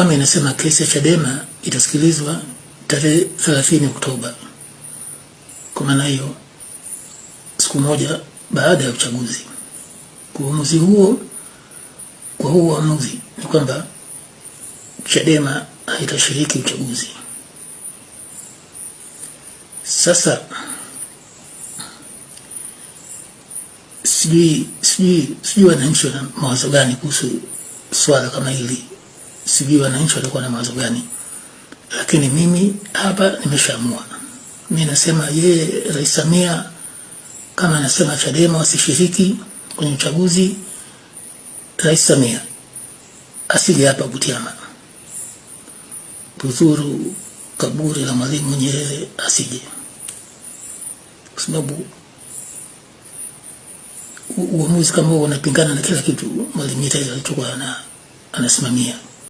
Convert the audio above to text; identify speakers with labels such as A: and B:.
A: Mahakama inasema kesi ya Chadema itasikilizwa tarehe 30 Oktoba, kwa maana hiyo siku moja baada ya uchaguzi. Kwa uamuzi huo, kwa huo uamuzi ni kwamba Chadema haitashiriki uchaguzi. Sasa sijui sijui sijui wananchi wana mawazo gani kuhusu swala kama hili sijui wananchi walikuwa na mawazo gani, lakini mimi hapa nimeshaamua. Mimi nasema yeye Rais Samia kama anasema Chadema wasishiriki kwenye uchaguzi, Rais Samia asije hapa Butiama, kuzuru kaburi la Mwalimu Nyerere, asije kwa sababu uamuzi kama huo unapingana na kila kitu Mwalimu Nyerere alichokuwa anasimamia.